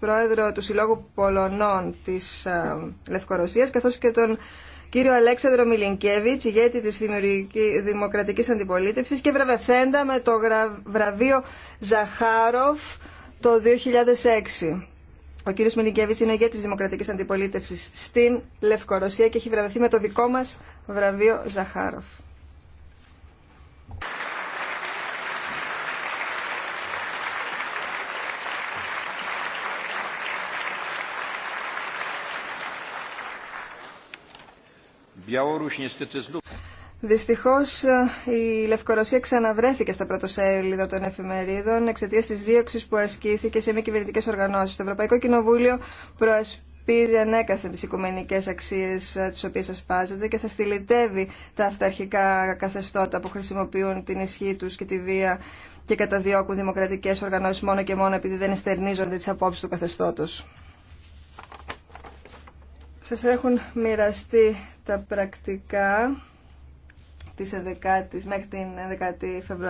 πρόεδρο του Συλλόγου Πολωνών της ε, Λευκορωσίας, καθώς και τον κύριο Αλέξανδρο Μιλινκέβιτς, ηγέτη της Δημοκρατικής Αντιπολίτευσης και βραβευθέντα με το βραβείο Ζαχάροφ το 2006. Ο κύριος Μιλινκέβιτς είναι ηγέτης Δημοκρατικής Αντιπολίτευσης στην Λευκορωσία και έχει βραβευθεί με το δικό μας βραβείο Ζαχάροφ. Δυστυχώ, ε, η Λευκορωσία ξαναβρέθηκε στα πρωτοσέλιδα των εφημερίδων εξαιτία τη δίωξη που ασκήθηκε σε μη κυβερνητικέ οργανώσει. Το Ευρωπαϊκό Κοινοβούλιο προασπίζει ανέκαθεν τι οικουμενικέ αξίε ε, τι οποίε ασπάζεται και θα στυλιτεύει τα αυταρχικά καθεστώτα που χρησιμοποιούν την ισχύ του και τη βία και καταδιώκουν δημοκρατικέ οργανώσει μόνο και μόνο επειδή δεν εστερνίζονται τι απόψει του καθεστώτο. Σας έχουν μοιραστεί τα πρακτικά της 11 μέχρι την 11η Φεβρουαρίου.